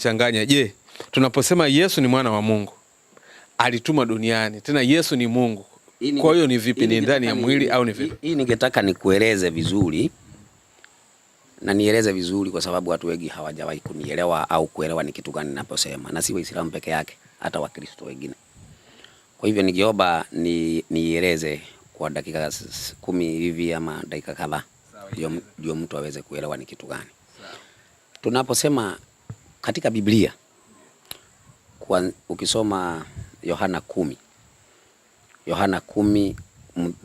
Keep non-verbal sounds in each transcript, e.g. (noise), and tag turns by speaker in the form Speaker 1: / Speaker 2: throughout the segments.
Speaker 1: Changanya, je, tunaposema Yesu ni mwana wa Mungu alituma duniani, tena Yesu ni Mungu, kwa hiyo ni vipi? Ni ndani ya mwili au ni vipi?
Speaker 2: Hii ningetaka nikueleze vizuri na nieleze vizuri, kwa sababu watu wengi hawajawahi kunielewa au kuelewa ni kitu gani ninaposema, na si Waislamu peke yake, hata Wakristo wengine. Kwa hivyo nikiomba ni nieleze kwa dakika kumi hivi ama dakika kadhaa, ndio mtu aweze kuelewa ni kitu gani tunaposema katika Biblia kwa ukisoma Yohana kumi Yohana kumi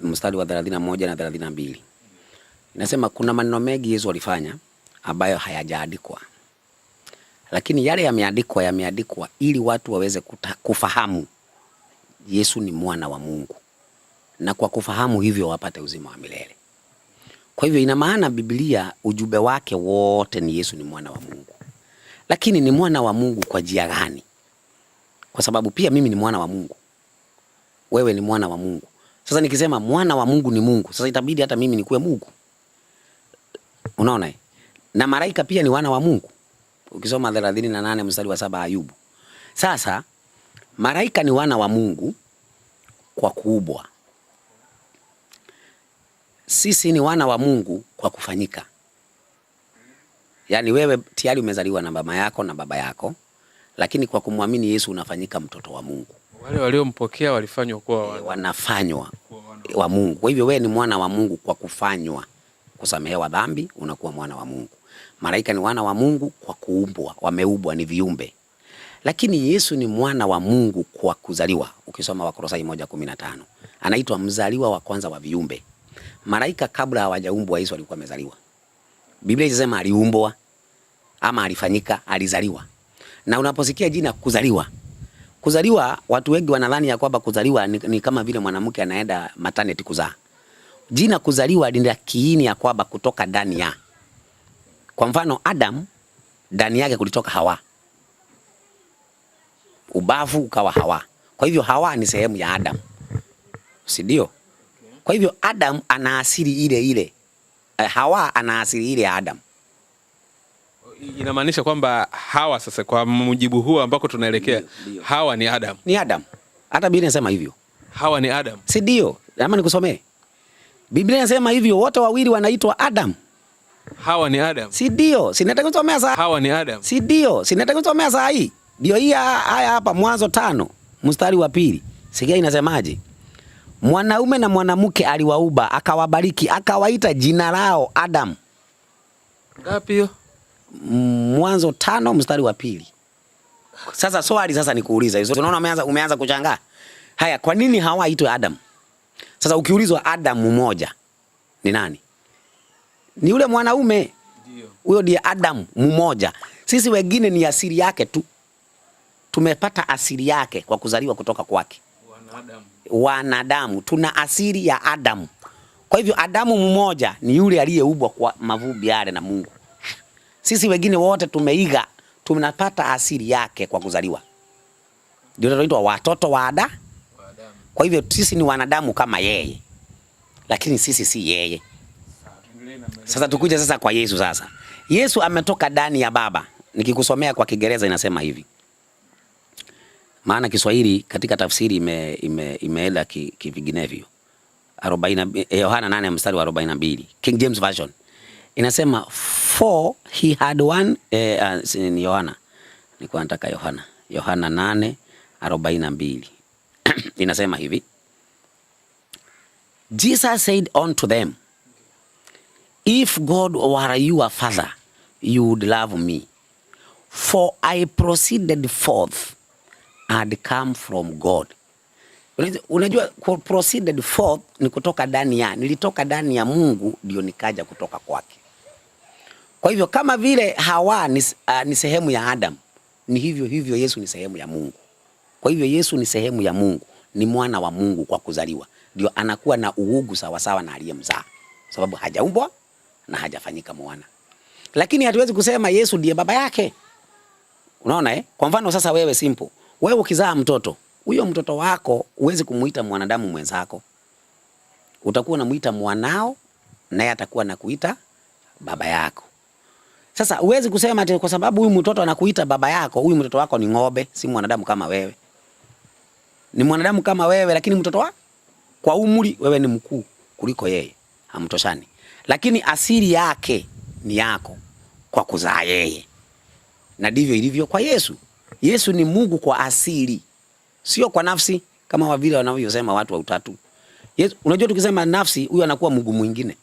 Speaker 2: mstari wa thelathini na moja na thelathini na mbili inasema kuna maneno mengi Yesu alifanya ambayo hayajaandikwa, lakini yale yameandikwa, yameandikwa ili watu waweze kuta, kufahamu Yesu ni mwana wa Mungu, na kwa kufahamu hivyo wapate uzima wa milele. Kwa hivyo ina maana Biblia ujumbe wake wote ni Yesu ni mwana wa Mungu lakini ni mwana wa Mungu kwa njia gani? Kwa sababu pia mimi ni mwana wa Mungu, wewe ni mwana wa Mungu. Sasa nikisema mwana wa Mungu ni Mungu, sasa itabidi hata mimi nikuwe Mungu, unaona. Na maraika pia ni wana wa Mungu, ukisoma 38 mstari wa saba Ayubu. Sasa maraika ni wana wa Mungu kwa kuubwa, sisi ni wana wa Mungu kwa kufanyika Yaani wewe tayari umezaliwa na mama yako na baba yako, lakini kwa kumwamini Yesu unafanyika mtoto wa Mungu.
Speaker 1: Wale waliompokea walifanywa kuwa wana.
Speaker 2: Eh, wanafanywa kuwa wa Mungu. Kwa hivyo wewe ni mwana wa Mungu kwa kufanywa, kusamehewa dhambi, unakuwa mwana wa Mungu. Malaika ni wana wa Mungu kwa kuumbwa, wameumbwa, ni viumbe, lakini Yesu ni mwana wa Mungu kwa kuzaliwa. Ukisoma Wakolosai 1:15 anaitwa mzaliwa wa kwanza wa viumbe. Malaika kabla hawajaumbwa, Yesu alikuwa amezaliwa. Biblia inasema aliumbwa ama alifanyika, alizaliwa. Na unaposikia jina kuzaliwa, kuzaliwa, watu wengi wanadhani ya kwamba kuzaliwa ni, ni kama vile mwanamke anaenda maternity kuzaa. Jina kuzaliwa lina kiini ya kwamba kutoka ndani ya. Kwa mfano Adam, ndani yake kulitoka Hawa, ubavu ukawa Hawa. Kwa hivyo Hawa ni sehemu ya Adam, si ndio? Kwa hivyo Adam ana asili ile ile. Eh, Hawa ana asili ile ya Adam.
Speaker 1: Inamaanisha kwamba Hawa sasa, kwa mujibu huu ambako tunaelekea, Hawa ni Adam,
Speaker 2: ni Adam. Hata Biblia inasema hivyo,
Speaker 1: Hawa ni Adam,
Speaker 2: si ndio? Ama nikusomee Biblia inasema hivyo, wote wawili wanaitwa Adam.
Speaker 1: Hawa ni Adam,
Speaker 2: si ndio? Sinataka kusomea saa
Speaker 1: Hawa ni Adam,
Speaker 2: si ndio? Sinataka kusomea saa hii, ndio hii. Haya hapa, Mwanzo tano mstari wa pili, sikia inasemaje? mwanaume na mwanamke aliwauba akawabariki, akawaita jina lao Adamu. Ngapi hiyo? Mwanzo tano mstari wa pili. Sasa swali sasa kuuliza hizo, unaona umeanza, umeanza kuchangaa. Haya, kwa nini hawaitwe Adam? Sasa ukiulizwa Adam mmoja ni nani? Ni yule mwanaume huyo, ndiye adam mmoja. Sisi wengine ni asili yake tu, tumepata asili yake kwa kuzaliwa kutoka kwake wanadamu wanadamu, tuna asili ya Adamu. Kwa hivyo Adamu mmoja ni yule aliyeumbwa kwa mavumbi yale na Mungu. Sisi wengine wote tumeiga, tunapata asili yake kwa kuzaliwa, ndio tunaitwa watoto wa Ada. Kwa hivyo sisi ni wanadamu kama yeye, lakini sisi si yeye. Sasa tukuja sasa kwa Yesu. Sasa Yesu ametoka ndani ya Baba, nikikusomea kwa Kiingereza inasema hivi maana Kiswahili katika tafsiri ime, ime, imeenda kivinginevyo ki eh, Yohana 8 mstari wa 42 King James Version inasema for he had one eh, uh, ni Yohana nilikuwa nataka Yohana Yohana 8 42 (clears throat) inasema hivi Jesus said unto them if God were your father you would love me for I proceeded forth had come from God. Unajua, proceeded forth ni kutoka ndani ya, nilitoka ndani ya Mungu ndio nikaja kutoka kwake. Kwa hivyo kama vile Hawa ni, uh, ni sehemu ya Adam, ni hivyo hivyo Yesu ni sehemu ya Mungu. Kwa hivyo Yesu ni sehemu ya Mungu, ni mwana wa Mungu kwa kuzaliwa, ndio anakuwa na uugu sawasawa na aliyemzaa, sababu hajaumbwa na hajafanyika mwana. Lakini hatuwezi kusema Yesu ndiye baba yake, unaona eh? Kwa mfano sasa, wewe simple wewe ukizaa mtoto, huyo mtoto wako huwezi kumuita mwanadamu mwenzako, utakuwa unamuita mwanao, naye atakuwa nakuita baba yako. Sasa huwezi kusema ati kwa sababu huyu mtoto anakuita baba yako, huyu mtoto wako ni ng'ombe, si mwanadamu kama wewe. Ni mwanadamu kama wewe, lakini mtoto wako kwa umri wewe ni mkuu kuliko yeye, hamtoshani, lakini asili yake ni yako kwa kuzaa yeye, na ndivyo ilivyo kwa Yesu. Yesu ni Mungu kwa asili, sio kwa nafsi kama wavile wanavyosema watu wa Utatu. Yesu, unajua tukisema nafsi, huyu anakuwa Mungu mwingine.